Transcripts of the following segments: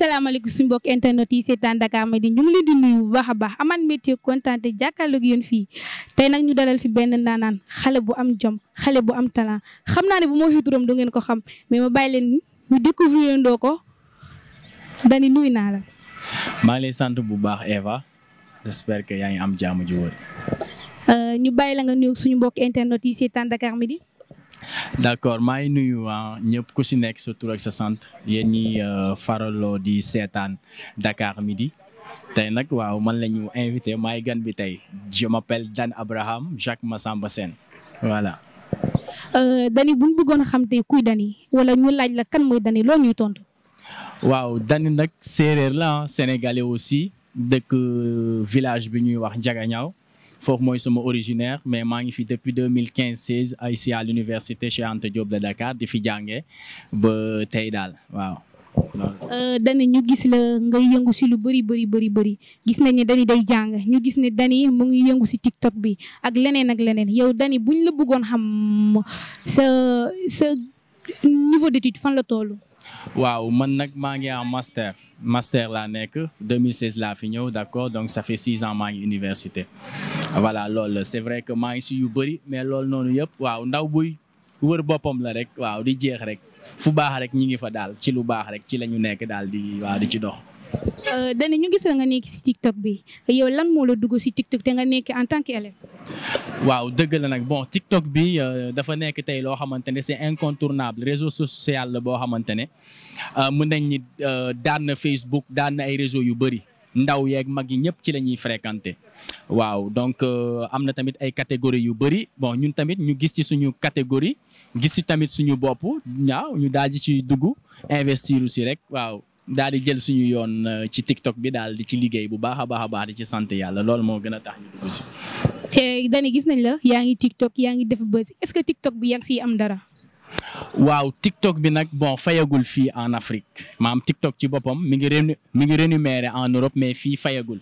asalaamaaleykum suñu mbokk internet yi seetaan Dakar ma di ñu ngi leen di nuyu bu baax a baax amaan métier kontaan te jàkkaarloog yéen fii tey nag ñu dalal fi benn ndaanaan xale bu am jom xale bu am talent xam naa ne bu ma waxee turam du ngeen ko xam mais ma bàyyi leen ñu découvrir ndoo ko dani nuyu naa la. maa ngi lay sant bu baax Eva j'espère que yaa ngi am jaamu ji wër. Euh, ñu bàyyi la nga nuyu suñu mbokk internet yi seetaan Dakar Midi. d'accord maa ngi nuyu ah, ñëpp ku si nekk sa tur sa sant yéen ñi euh, faraloo di seetaan Dakar midi tey nag waaw man lañu invité maay gan bi tey je m'appelle Dan Abraham Jacques samba Sène voilà. Euh, Dany bu ñu bëggoon xam tey kuy Dany wala ñu laaj la kan mooy Dany loo ñuy tontu. waaw Dany nag séeréer la ah, sénégalais aussi dëkk euh, village bi ñuy wax Njagañaaw foofu mooy sama originaire mais maa ngi fi depuis deux mille quinze seize ay si à l'université Cheikh Anta Diop de Dakar di fi jàngee ba tey daal waaw. Euh, dani ñu gis la nga yëngu si lu bëri bari bëri bëri gis nañ ne dani day jàng ñu gis ne dani mu ngi yëngu si TikTok bi ak leneen ak leneen yow dani buñ la bëggoon xam sa sa niveau d'étude fan la toll. waaw man nag maa ngi en master master laa nekk 2016 la fi ñëw d'accord donc ça fait six ans maa ngi université voilà loolu c'est vrai que maa ngi si yu bëri mais lool noonu yëpp waaw ndaw buy wër boppam la rek waaw di jeex rek fu baax rek ñi ngi fa daal ci lu baax rek ci la ñu nekk daal di waaw di ci dox. Euh, dani ñu gis nga nekk si TikTok bi yow lan moo la dugg si TikTok te nga nekk en tant qu'élève. waaw dëgg la nag bon TikTok bi euh, dafa nekk tey loo xamante ne c'est incontournable réseau social la boo xamante ne euh, mën nañ ni daan na Facebook daan na ay réseau yu bëri ndaw yeeg mag yi ñëpp ci la ñuy fréquenter. waaw donc am na tamit ay catégories yu bëri bon ñun tamit ñu gis ci suñu catégorie gis ci tamit suñu bopp ñaaw ñu daal di ci dugg investir aussi rek waaw. daal di jël suñu yoon euh, ci TikTok bi daal di ci liggéey bu baax a baax a baax di ci sant yàlla loolu moo gën a tax ñu dugg te eh, dañu gis nañ la yaa ngi TikTok yaa ngi def buzz est-ce que TikTok bi yaa ngi siy am dara. waaw TikTok bi nag bon fayagul fii en Afrique maam TikTok ci boppam mi ngi renu mi ngi rémunéré en Europe mais fii fayagul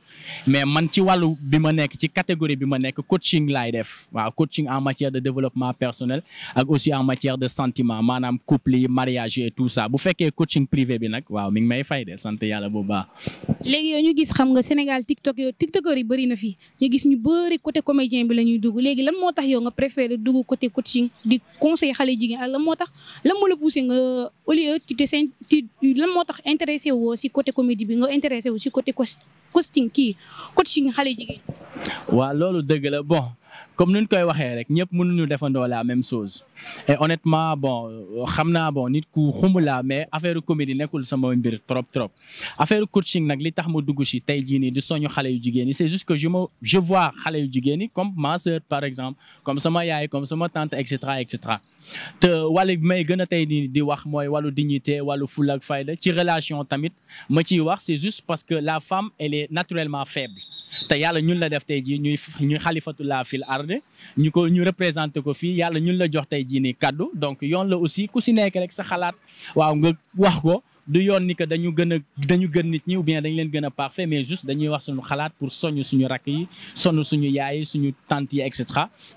mais man ci wàllu bi ma nekk ci catégorie bi ma nekk coaching laay def waaw coaching en matière de développement personnel ak aussi en matière de sentiment maanaam couple yi mariage et tout ça bu fekkee coaching privé bi nag waaw mi ngi may fay de sant yàlla bu baax. léegi yow ñu gis xam nga Sénégal TikTok yow TikTokers yi bëri na fi ñu gis ñu bëri bi la ñuy dugg moo tax yow nga préféré moo tax la moo la poussé nga au lieu tu te sen lan moo tax intéressé woo si côté comédie bi nga intéressé wu si côté costing kii coaching xale jigéen. waaw loolu dëgg la bon comme nuñ koy waxee rek ñëpp mënuñu defandoo la même chose et honnêtement bon xam naa bon nit ku xumula mais affaire comédie nekkul sama mbir trop trop. affaire coaching nag li tax ma dugg ci tey jii nii di soñu xale yu jigéen ñi c'est juste que je me je vois xale yu jigéen ñi comme ma par exemple comme sama yaay comme sama tante et cetera et te wala bi may gën a tey nii di wax mooy wàllu dignité wàllu fulla ak fayda ci relation tamit ma ciy wax c'est juste parce que la femme elle est naturellement faible. te yàlla ñun la def tey jii ñuy ñuy fi fil arde ñu ko ñu représenté ko fii yàlla ñun la jox tey jii ni kàddu donc yoon la aussi ku si nekk rek sa xalaat waaw nga wax ko du yoon ni que dañu gën a dañu gën nit ñi ou bien dañ leen gën a parfait mais juste dañuy wax suñu xalaat pour soññ suñu rakk yi sonn suñu yaay suñu tante yi et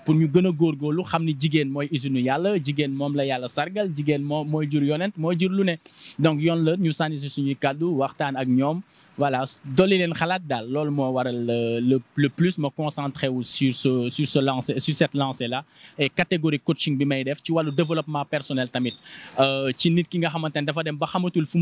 pour ñu gën góor góorgóorlu xam ni jigéen mooy usine yàlla jigéen moom la yàlla sargal jigéen moom mooy jur yonent mooy jur lu ne donc yoon la ñu sànni si suñuy kàddu waxtaan ak ñoom voilà dolli leen xalaat daal loolu moo waral le le plus ma concentré wu sur ce sur ce lancé sur cette lancée là et catégorie coaching bi may def ci wàllu développement personnel tamit euh,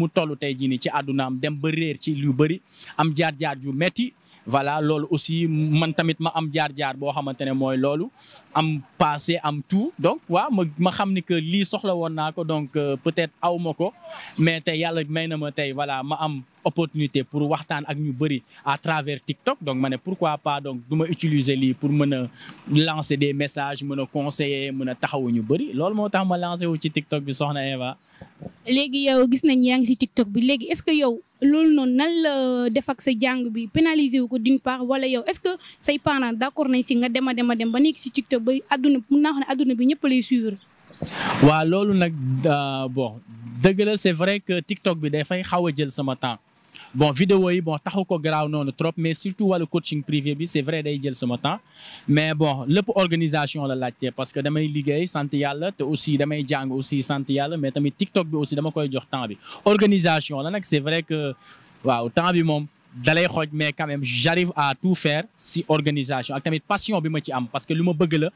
mu toll tey jii nii ci àddunaam dem ba ci lu bëri am jaar-jaar yu metti voilà loolu aussi man tamit ma am jaar-jaar boo xamante ne mooy loolu am passé am tout donc waaw ma ma xam ni que lii soxla woon naa ko donc euh, peut-être aw ko mais tey yàlla may na ma tey voilà ma am opportunité pour waxtaan ak ñu bëri à travers TikTok donc ma ne pourquoi pas donc du ma utiliser lii pour mën a lancer des messages mën a conseiller mën a taxawu ñu bëri loolu moo tax ma lancer wu ci TikTok bi soxna Eva. léegi yow gis nañ yaa ngi si TikTok bi léegi est-ce que yow. loolu noonu nan la def sa jàng bi pénaliser wu ko din paax wala yow est-ce que say parents d'accord nañ si nga dem a dem a dem ba nekk si TikTok ba adduna mun naa xam ne adduna bi ñëpp lay suivre. waa loolu nag euh, bon dëgg la c'est vrai que TikTok bi dafay xaw a jël sama temps. bon vidéo y bon taxu ko garaaw noonu trop mais surtout wàllu coaching privé bi c'est vrai day jël sama temps mais bon lépp organisation la laajte parce que damay liggéey sant yàlla te aussi damay jàng aussi sant yàlla mais tamit TikTok bi aussi dama koy jox temps bi organisation la nag c'est vrai que waaw temps bi moom. dalay xooj mais quand même j'arrive à tout faire si organisation ak passion bi ma ci am parce que lu ma bëgg la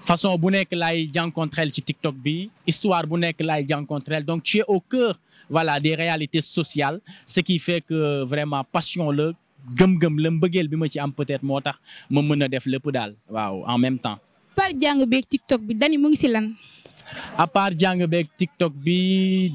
façon bu nekk laay jànkontreel ci TikTok bi histoire bu nekk laay jànkontreel donc tu es au cœur voilà des réalités sociales ce qui fait que vraiment passion la gëm-gëm la mbëggeel bi ma ci am peut-être moo tax ma mën a def lépp daal waaw en même temps. par jàng beeg TikTok bi dani mu ngi si lan. à part jàng beeg TikTok bi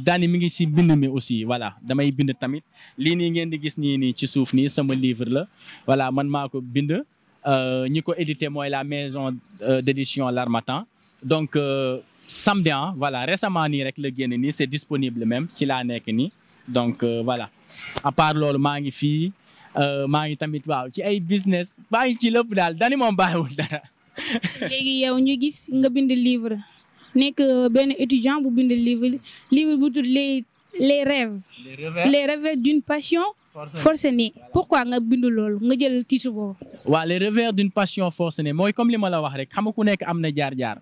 daani mi ngi si bind mi aussi voilà damay bind tamit lii nii ngeen di gis nii nii ci suuf nii sama livre la voilà man maa ko bind euh, ñi ko édité mooy la maison euh, d'édition L'Harmattan donc euh, samedi ah voilà récemment nii rek la génn ni c'est disponible même si laa nekk nii donc voilà à loolu maa ngi fi maa ngi tamit waaw ci ay business maa ngi ci lépp daal dani moom bàyyiwul dara léegi yow ñu gis nga bind livre nekk benn étudiant bu bind livre livre bu tudd le les rêves. les rêves d'une passion. forcenée pourquoi nga bind lool nga jël titre boobu. waaw les revers d'une passion forcenée mooy comme li ma la wax rek xam nga ku nekk am na jaar-jaar.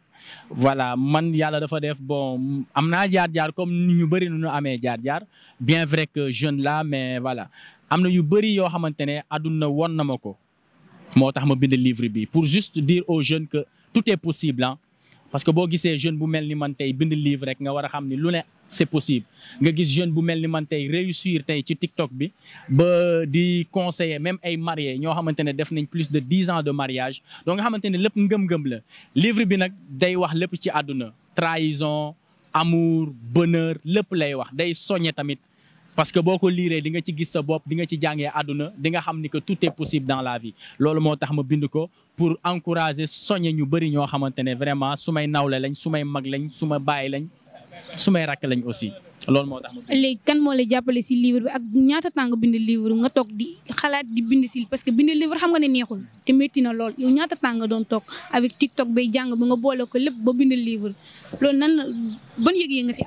voilà man yàlla dafa def bon am naa jaar-jaar comme ñu bëri nu amee jaar-jaar bien vrai que jeune la mais voilà am na yu bëri yoo xamante ne àdduna won na ma ko. moo tax ma bind livre bi pour juste dire aux jeunes que tout est possible parce que boo gisee jeune bu mel ni man tey bind livre rek nga war a xam ni lu ne c'est possible nga gis jeune bu mel ni man tey réussir tey ci TikTok bi ba di conseiller même ay mariés ñoo xamante ne def nañ plus de dix ans de mariage donc nga xamante ne lépp ngëm-ngëm la livre bi nag day wax lépp ci àdduna trahison amour bonheur lépp lay wax day soññe tamit parce que boo ko liiree di ci gisa sa bopp di ci jàngee àdduna di nga xam ni que tout est possible dans la vie loolu moo tax ma bind ko pour encourager soñe ñu bëri ñoo xamante ne vraiment su may nawle lañ su may mag lañ su ma lañ su may rakk lañ aussi loolu moo tax léegi kan moo la jàppale si livre bi ak ñaata temps bind livre nga toog di xalaat di bind si parce que bind livre xam nga ne neexul te métti na lool yow ñaata temps doon toog avec TikTok bay jàng ba nga boole lépp ba bind livre loolu nan la ban yëg si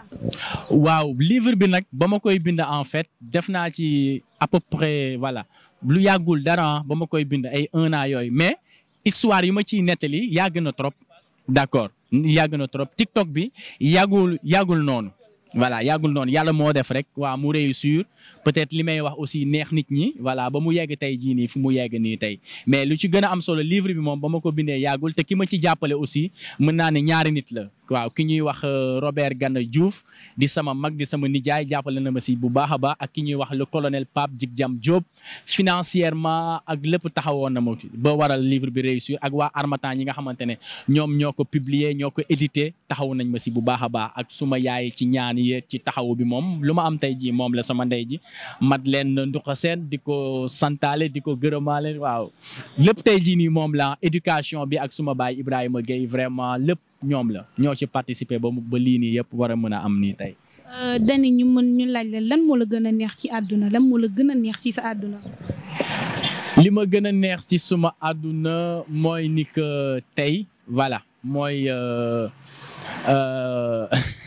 waaw livre bi nag ba ma koy bind en fait def naa ci à peu lu yàggul dara ba ma koy bind ay un yooyu mais histoire yu ma ciy nettali yàgg na trop d'accord yàgg na trop TikTok bi yàggul yàggul noonu. voilà yàggul noonu yàlla moo def rek waa mu réussir peut-être li may wax aussi neex nit ñi voilà ba mu yegg tey jii nii fu mu yegg nii tey mais lu ci gën am solo livre bi moom ba ma ko bindee yàggul te ki ma ci jàppale aussi mën naa ne ñaari nit la. waaw ki ñuy wax euh, Robert Gana juuf di sama mag di sama nijaay jàppale na ma si bu baax a baax ak ki ñuy wax le colonel Pape Djic jam Diop financièrement ak lépp taxawoon na ma boo waral livre bi réussir ak waa Harmattan ñi nga xamante ne ñoom ñoo ko publier ñoo ko éditer taxaw nañ ma si bu baax a baax yéeg ci taxawu bi moom lu ma am tey jii moom la sama ndey ji mat leen nduxa seen di ko santaale di ko gërëmaale waaw lépp tey ji nii moom la éducation bi ak suma baay Ibrahima Gueye vraiment lépp ñoom la ñoo ci participer ba ba lii nii yëpp war a mën a am ni tey. Euh, dani ñu mën ñu laaj la lan moo la gën a neex ci àdduna lan moo la gën a neex ci sa àdduna. li ma gën a neex ci suma àdduna mooy ni que tey voilà mooy. Euh, euh,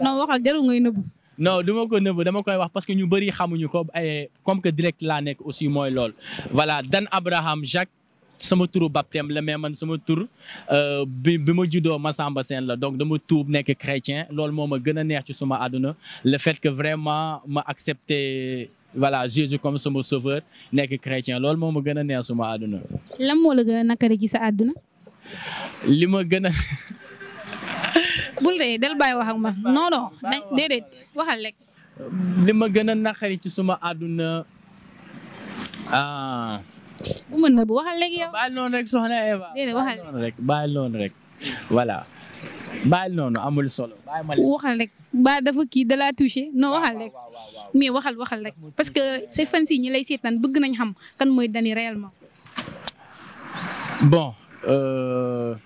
non waxal jarul ngay nëbbu. non du ma ko nëbb dama koy wax parce que ñu bëri xamuñu ko ay eh, comme que direct laa nekk aussi mooy lool voilà Dan Abraham Jacques sama turu baptême la mais man sama tur euh, bi bi ma juddoo Massamba Sène la donc dama tuub nekk chrétien loolu moo ma gën a neex ci suma àdduna le fait que vraiment ma accepté voilà Jésus comme sama sauveur nekk chrétien loolu moo ma gën a neex suma àdduna. la gën a nakari ci sa àdduna. li ma gën a. bul dee del bàyyi wax ak man non non déedéet waxal rek. li ma gën a naqari ci suma àdduna ah. bu mën na bu waxal rek yow. baal noonu rek soxna Eva. déedéet waxal voilà. baal noonu amul solo. waxal rek dafa kii da laa touché non waxal rek mais waxal waxal rek parce que say fans yi ñi lay seetaan bëgg nañ xam kan mooy Dany réellement. bon. Euh,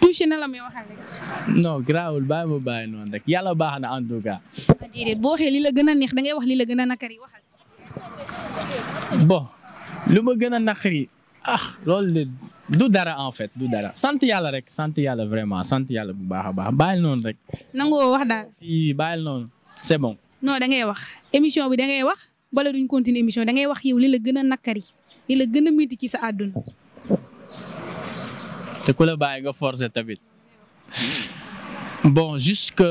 touché na la may waxal rek. non garaawul bàyyi ma bàyyi noonu rek yàlla baax na en tout cas. Ah, boo waxee li la gën a neex da ngay wax lii la gën a nakari waxal. bon gën a nakari ah loolu de dara en fait du dara sant yàlla rek sant yàlla vraiment sant yàlla bu baax a baax bàyyil noonu rek. nangoo wax daal. yii noonu c'est bon. non da ngay wax émission bi da ngay wax bala duñ continuer émission da ngay wax yow la gën a nakari la gën a métti ci sa àdduna. te ku la bàyyi nga forcé tamit bon juste que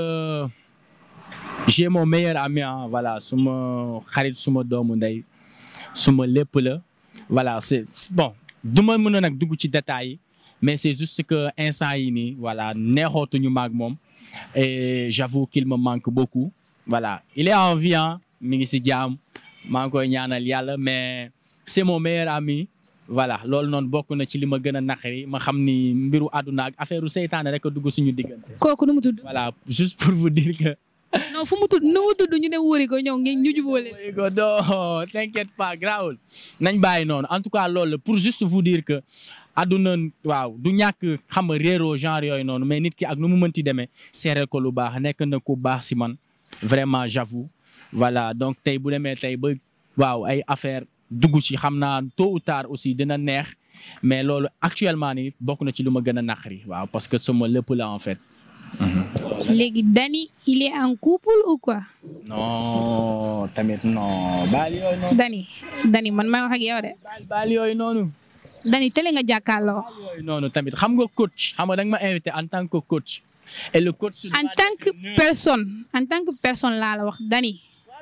j'ai mon meilleur ami ah voilà suma xarit suma doomu ndey suma lépp la voilà c'est bon du ma mën a nag dugg ci détails yi mais c'est juste que instant yi nii voilà neexootuñu maag moom et j'avoue qu'il me manque beaucoup voilà il est en mi ngi si jaam maa ngi koy ñaanal yàlla mais c'est mon meilleur ami voilà loolu noonu bokk na ci li ma gën a naqari ma xam ni mbiru àdduna ak affaire seytaane rek a dugg suñu diggante. kooku nu mu tudd. voilà juste pour vous dire que. non fu tudd nu tudd ñëw ngeen ñu jubóole. wóori ko non t'inquiète nañ bàyyi noonu en tout cas loolu pour juste vous dire que àdduna waaw du ñàkk xam nga réeroo genre yooyu noonu mais nit ki ak nu mu mënti demee seere ko lu baax nekk na ku baax si man vraiment j'avoue voilà donc tey bu demee tey ba waaw ay affaire dugg ci xam naa tôt ou aussi dina neex mais loolu actuellement ni bokk na ci lu ma gën a naqari waaw parce que sama lépp la en fait. Mhm. léegi Dany il est en couple ou quoi. non tamit non baal man may wax ak yow de. baal yooyu noonu. Dany télé nga jàkkaarloo. baal noonu tamit xam nga coach xam nga da ma invité en tant que coach. et le coach. en tant que personne en tant que personne laa la wax Dany.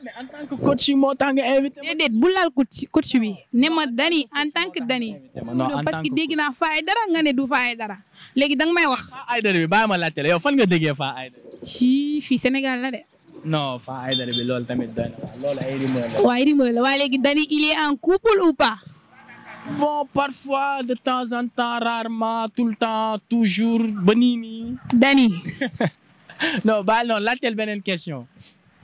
la ah, en tant que coach moo tax nga invité. déedéet bu laal coach coach bi ne ma dani en tant que dani. parce que dégg naa faa ay nga ne du faa ay dara léegi danga may wax. faa ay dara bi bàyyi ma laajte yow fan nga déggee faa ay dara. fii Sénégal la de. non faa ay dara bi lool tamit doy na loolu ay rumeur la. waaw ay rumeur la waaye léegi dani il est en couple ou pas. bon parfois de temps en temps rarement tout le temps toujours ba nii nii. dani. non baal question.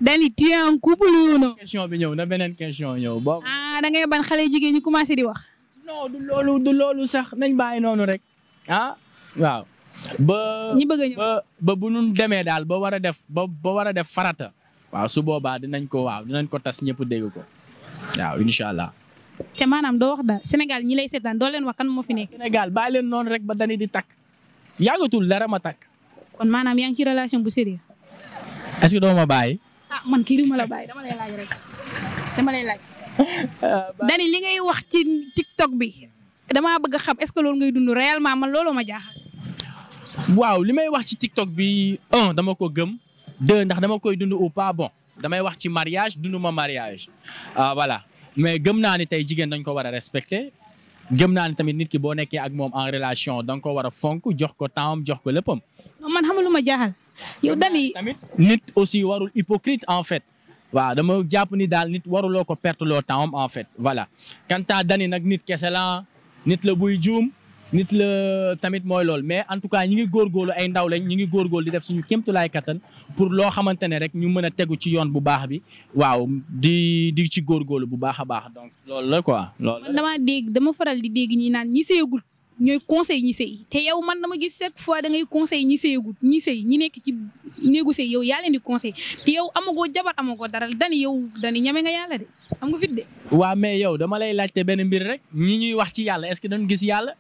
dani tu es un couple ou question bi ñëw na beneen question ñëw boobu. ah da ngay ban xale jigéen ñi commencé di wax. non du loolu du loolu sax nañ bàyyi noonu rek. ah waaw. ba ñi bëgg ba bu nu demee daal ba war a def ba ba war a def farata. waaw su boobaa dinañ ko waaw dinañ ko tas ñëpp dégg ko waaw incha allah. te maanaam doo wax da Sénégal ñi lay seetaan doo leen wax kan moo fi nekk. Sénégal bàyyi leen noonu rek ba dani di takk yàggatul dara ma takk. kon maanaam yaa ngi ci relation bu sérieux. est-ce que doo ma bàyyi. ah man ki du ma la bàyyi dama lay laaj rek dani li ngay wax ci TikTok bi damaa bëgg a xam est loolu ngay dund réellement man looloo ma jaaxal. waaw li may wax ci TikTok bi un dama ko gëm deux ndax dama koy dund ou pas bon damay wax ci mariage dundu ma mariage ah mais gëm naa ni tey jigéen dañ ko war a respecter. gëm naa ne tamit nit ki boo nekkee ak moom en relation da ko war fonk jox ko temps jox ko léppam. man xam lu jaaxal yow dali nit aussi warul hypocrite en fait. waaw dama jàpp ni daal nit waruloo ko perte loo temps en fait voilà kanta à dani nag nit kese la nit la buy juum nit la tamit mooy lool mais en tout cas ñi ngi góorgóorlu ay ndaw lañ ñi ngi góorgóorlu di def suñu kéemtulaay kattan pour loo xamante ne rek ñu mën a tegu ci yoon bu baax bi waaw di di ci góorgóorlu bu baax a baax donc loolu la quoi. dama dégg dama faral di dégg ñi naan ñi seegul ñooy conseil ñi sëy te yow man dama gis chaque fois da ngay conseil ñi sëyagul ñi sëy ñi nekk ci néegu sëy yow yaa leen di conseil te yow amagoo jabar amagoo dara dani yow dani ñame nga yàlla de am ga fit de. waaw mais yow dama lay laajte benn mbir rek ñi ñuy wax ci yàlla est-ce que gis yàlla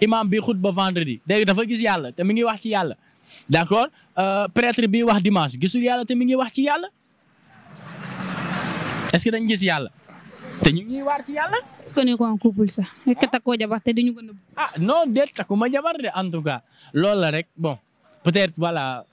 imam bi xutba vendredi dégg dafa gis yàlla te mi ngi wax ci yàlla d'accord euh, prêtre bi wax dimanche gisul yàlla te mi ngi wax ci yàlla est-ce gis yàlla. te ñu ngi waar ci yàlla. ko en couple sax ka te duñu ko nëbb. ah non de takkuma jabar de en tout cas loolu la rek bon peut-être voilà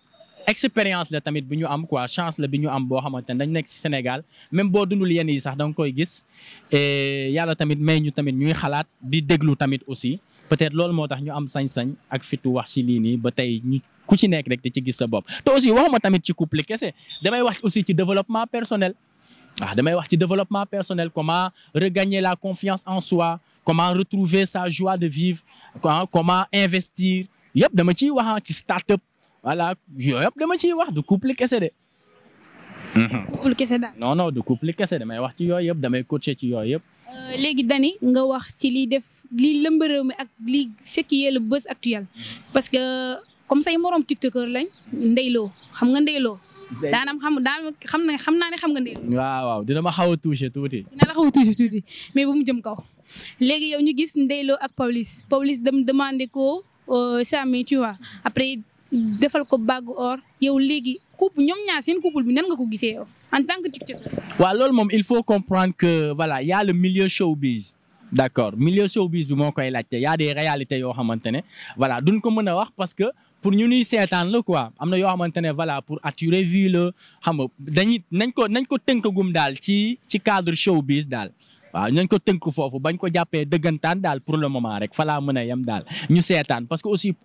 expérience la tamit bu ñu am quoi chance la bi ñu am boo xamante ne dañ nekk ci Sénégal même boo dundul yenn yi sax da nga koy gis et yàlla tamit may ñu tamit ñuy xalaat di déglu tamit aussi peut-être loolu moo tax ñu am sañ-sañ ak fitu wax ci lii nii ba tey ñu ku ci nekk rek di ci gis sa bopp te aussi waxuma tamit ci couple kese damay wax aussi ci développement personnel. ah damay wax ci développement personnel comment regagner la confiance en soi comment retrouver sa joie de vivre comment investir yëpp dama ciy wax ci start-up voilà yooyu yëpp dama ci wax du couple kese de. Mm-hmm. couple kese daal. non non du couple kese damay wax ci yooyu yëpp damay coacher ci yooyu yëpp. léegi Dany nga wax ci liy def liy lëmb réew mi ak li ce qui est le buzz actuel parce que comme say morom tiktokeur lañ ndeyloo xam nga ndeyloo daanam xam daan xam na xam naa ne xam nga ndéem. waaw waaw dina ma xaw a touché tuuti. dina la xaw a touché tuuti mais bu mu jëm kaw. léegi yow ñu gis Ndeye Lo ak Pawlish Pawlish dem demandé ko euh, Samy tu vois après defal ko ba bague or yow léegi couple ñoom ñaar seen couple bi nan nga ko gisee yow en tant que tiktoker. waaw loolu moom il faut comprendre que voilà y a le milieu showbiz. d' accord milieu showbiz bi moo koy laajte y a des réalités yoo xamante ne voilà duñ ko mën a parce que. pour ñu nuy seetaan la quoi am na yoo xamante ne voilà pour ature vue la xam nga dañuy nañ ko nañ ko tënkagum daal ci ci cadre showbiz daal. waaw nañ ko tënk foofu bañ ko jàppee dëggantaan daal pour le moment rek fa mën a yem daal ñu seetaan parce que aussi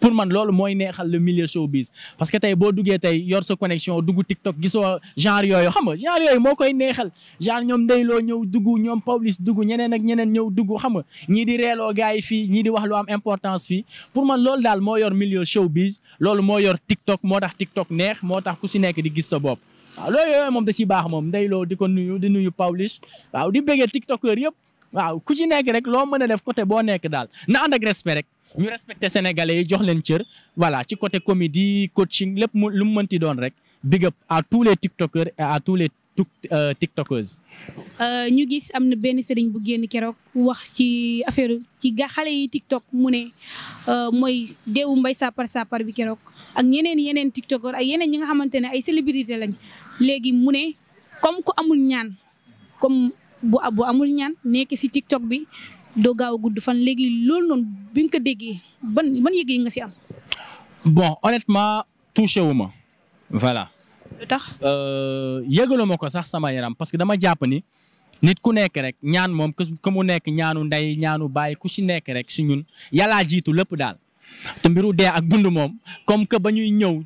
pour man lool mooy neexal le milieu showbiz parce que tey boo duggee tey yor sa connexion dugg TikTok gisoo genre yooyu xam nga genre yooyu moo koy neexal genre ñoom ndeyloo ñëw dugg ñoom Pawlish dugg ñeneen ak ñeneen ñëw dugg xam nga ñii di reeloo gars yi fii ñii di wax lu am importance fi pour man loolu daal moo yor milieu showbiz loolu moo yor TikTok moo tax TikTok neex moo tax ku si nekk di gis sa bopp waaw loolu yooyu moom da si baax moom ndeyloo di ko nuyu di nuyu Pawlish waaw di bëggee tiktokeur yëpp waaw ku ci nekk rek loo mën a def côté boo nekk daal na ànd ak respect rek ñu respecté sénégalais yi jox leen cër voilà ci côté comédie coaching lépp mu lu mu mënti doon rek big up à tous les tiktokeurs et à tous les euh, tiktokeuses. Euh, ñu gis am na benn sëriñ bu génn keroog wax ci affaire ci ga xale yi tiktok mu ne euh, mooy deewu mbay sapar sapar bi keroog ak yeneen yeneen tiktokeur ak yeneen ñi xamante ne ay célébrité lañ léegi mu ne comme ku amul ñaan comme bu bu amul ñaan nekk si TikTok bi doo gaaw a gudd fan léegi loolu noonu bi nga ko déggee ban ban yëg nga si am. bon honnêtement touché wu ma voilà. lu tax euh, yëgalu ma ko sax sama yaram parce que dama jàpp ni nit ku nekk rek ñaan moom ku mu nekk ñaanu ndey ñaanu bàyyi ku si nekk rek si ñun yàllaa jiitu lépp daal. te mbiru dee ak dund moom comme que ba ñuy ñëw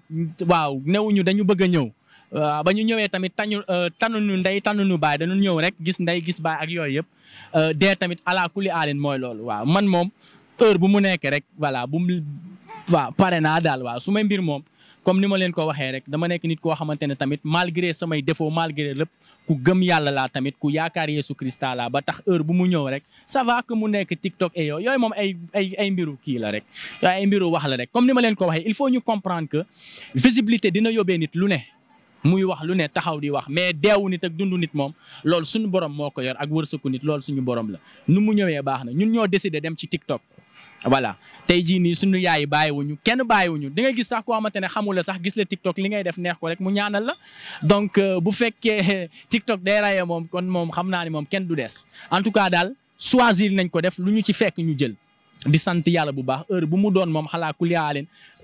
waaw newuñu dañu bëgg a ñëw waaw ba ñu ñëwee tamit tañu euh, tànnuñu ndey tànnuñu baay dañu ñëw rek gis ndey gis baay ak yooyu yëpp euh, dee tamit ala kulli aalin mooy loolu waa man moom heure bu mu nekk rek voilà bu mu waaw pare naa daal waaw su may mbir moom comme ni ma leen ko waxee rek dama nekk nit koo xamante ne tamit malgré samay défaut malgré lépp ku gëm yàlla laa tamit ku yaakaar Yeesu Krista la ba tax heure bu mu ñëw rek ça que mu nekk TikTok et yooyu yooyu moom ay ay mbiru kii la rek ay mbiru wax la rek comme ni ma leen ko waxee il faut ñu comprendre que visibilité dina yóbbee nit lu ne. muy wax lu ne taxaw di wax mais deewu nit ak dundu nit moom loolu suñu borom moo ko yor ak wërsëku nit loolu suñu borom la nu mu ñëwee baax na ñun ñoo décider dem ci TikTok. voilà tey jii nii suñu yaay bàyyiwuñu kenn bàyyiwuñu da ngay gis sax koo xamante ne xamula sax gis la TikTok li ngay def neex ko rek mu ñaanal la donc euh, bu fekkee TikTok day raye moom kon moom xam naa ne moom kenn du des en tout cas daal choisir nañ ko def lu ñu ci fekk ñu jël. di sant yàlla bu baax heure bu mu doon moom xalaa ku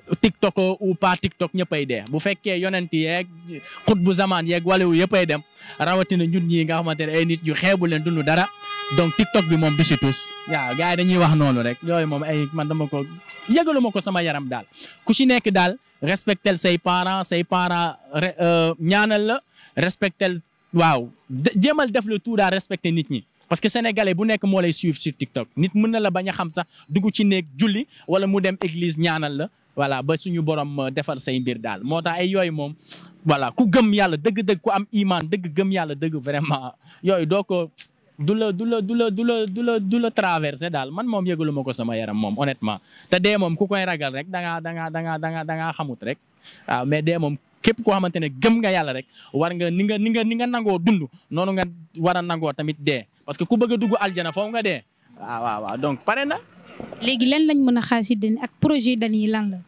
TikTok ou pas TikTok ñëppay dee bu fekkee yonent yeeg xut bu zamaan yeeg waliwu yëppay dem rawatina ñun ñii nga xamante ne ay nit yu xeebu leen dundu dara donc TikTok bi moom du si tous waaw gars dañuy wax noonu rek yooyu moom ay man dama ko yëgalu ma ko sama yaram daal ku si nekk daal respectel say parents say parents euh, ñaanal la respectel waaw jéemal def le tout daal respecter nit ñi parce que sénégalais bu nekk moo lay suivre sur TikTok nit mën na la bañ a xam sax dugg ci néeg julli wala mu dem église ñaanal la voilà ba suñu borom euh, defar say mbir daal moo tax ay yooyu moom voilà ku gëm yàlla dëgg-dëgg ku am iman dëgg gëm yàlla dëgg vraiment yooyu doo ko du la du la du la du la du la du la traversé daal man moom yëgalu ma ko sama yaram moom honnêtement te dee moom ku koy ragal rek da ngaa da ngaa da ngaa da rek waaw mais dee moom képp koo xamante ne gëm nga yàlla rek war nga ni nga ni nga ni nga nangoo dund noonu nga war a nangoo tamit dee parce que ku bëgg a dugg aljana foofu nga dee waaw waaw pare na léegi lan lañ mën a xaasidane ak projet dañuy lan la.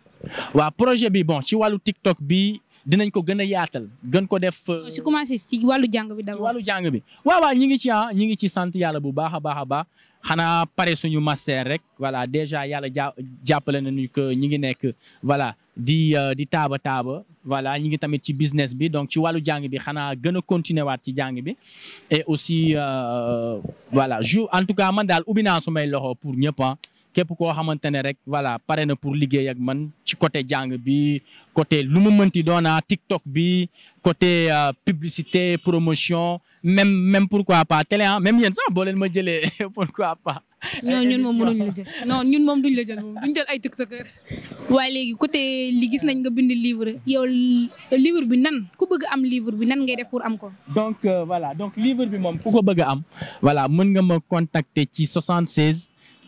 waa projet bi bon ci wàllu TikTok bi dinañ ko gën a yaatal gën ko def. Euh, su commencé ci wàllu jàng bi d'abord. wàllu jàng bi waaw waaw ngi ci ah ñi ngi ci sant yàlla bu baax baax a baax xanaa pare suñu master rek voilà déjà yàlla ja jàppale nañu que ñi ngi nekk voilà di euh, di taaba taaba voilà ñi ngi tamit ci business bi donc ci wàllu jàng bi xanaa gën a continuer waat ci jàng bi et aussi euh, jour en tout cas man daal ubbi su may loxo pour ñëpp ah. képp koo xamante ne rek voilà pare na pour liggéey ak man ci côté jàng bi côté lu mu mënti doona ah, TikTok bi côté ah, publicité promotion même même pourquoi pas télé ah même yéen sax boo leen ma jëlee pourquoi pas. non ñun moom mënuñ la jël non ñun moom duñ la jël moom duñ jël ay tiktokeur waaye léegi côté li gis nañ nga bindi livre yo livre bi nan ku bëgg am livre bi nan nga def pour am ko donc euh, voilà donc livre bi moom ku ko bëgg am voilà mën nga ma contacter ci 76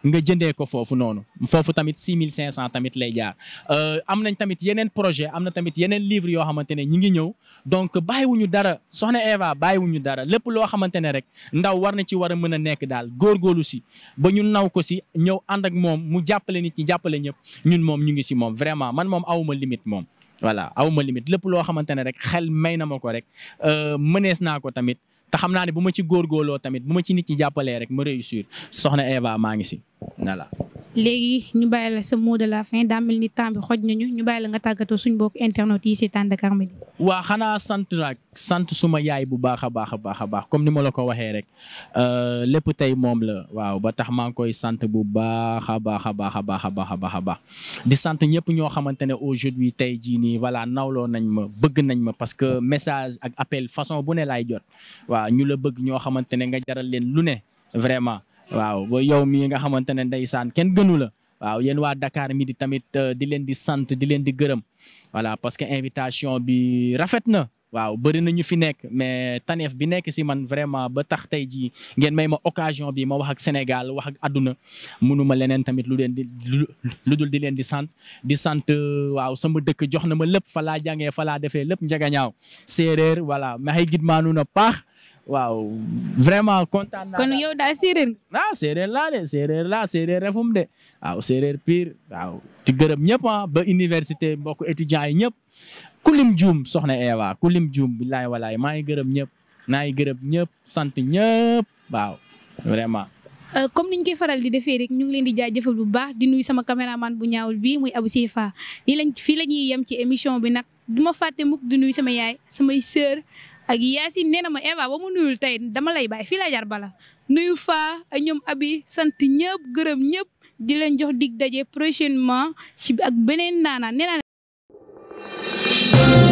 nga jëndee ko foofu noonu foofu tamit 6500 tamit lay jaar euh, am nañ tamit yeneen projet am na tamit yeneen livre yoo xamante ne ñi ngi ñëw donc bàyyiwuñu dara soxna Eva ñu dara lépp loo xamante ne rek ndaw war na ci war a mën a nekk daal góorgóorlu si ba ñu naw ko si ñëw ànd ak moom mu jàppale nit ñi jàppale ñëpp ñun moom ñu ngi si moom vraiment man moom ma limite moom voilà awuma limite lépp loo xamante ne rek xel may na ma ko rek euh, mënees naa ko tamit te xam naa ne bu ma ci góorgóorloo tamit bu ma ci nit ñi jàppalee rek ma réussir soxna Eva maa ngi si voilà. léegi ñu bàyyi la sa mot de la fin daa mel ni temps xoj nañu ñu bàyyi la nga tàggatoo suñu bokk internet yi seetaan Dakar Midi. waa xanaa sant nag sant suma yaay bu baax a baax a baax a baax comme ni ma la ko waxee rek euh, lépp tey moom la waaw ba tax maa ngi koy sant bu baax a baax a baax a baax a baax a baax di sant ñëpp ñoo xamante ne aujourd'hui tey jii nii voilà nawloo nañ ma bëgg nañ ma parce que message ak appel façon bu ne laay jot waaw ñu la bëgg ñoo xamante ne nga jaral leen lu ne vraiment. waaw ba yow mii nga xamante ne ndeysaan kenn gënu la waaw yen waa dakaar mi midi tamit euh, di leen di sant di leen di gërëm voilà parce que invitation bi rafet na. waaw bëri na ñu fi nekk mais taneef bi nekk si man vraiment ba tax tey jii ngeen may ma occasion bi ma wax ak Sénégal wax ak àdduna mënuma leneen tamit lu leen di lu dul di leen di sant di sant euh, waaw sama dëkk jox na ma lépp fa laa jàngee fa laa defee lépp njëgañaaw séeréer voilà maxey gidmaanu na paax waaw vraiment kontaan naa. yow daal séeréer. la séeréer laa de séeréer laa séeréer refum de waaw séeréer pire waaw di gërëm ñëpp ah ba université mbokk étudiants yi ñëpp ku lim juum soxna Eva ku lim juum billaay walaay maa ngi gërëm ñëpp naa ngi gërëm ñëpp sant ñëpp waaw vraiment. Euh, comme niñ koy faral di defee rek ñu ngi leen di jaajëfal bu baax di nuyu sama caméraman bu ñaawul bi muy Abou Sifa nii lañ fii la ñuy yem ci émission bi nag du ma fàtte mukk di nuyu sama yaay samay sœur ak Yacine nee na ma Eva ba mu nuyul tey da lay bàyyi fii la jar bala nuyu fa ak ñoom abi sant ñëpp gërëm ñëpp di leen jox dig daje prochainement ci ak beneen naanaan nee naa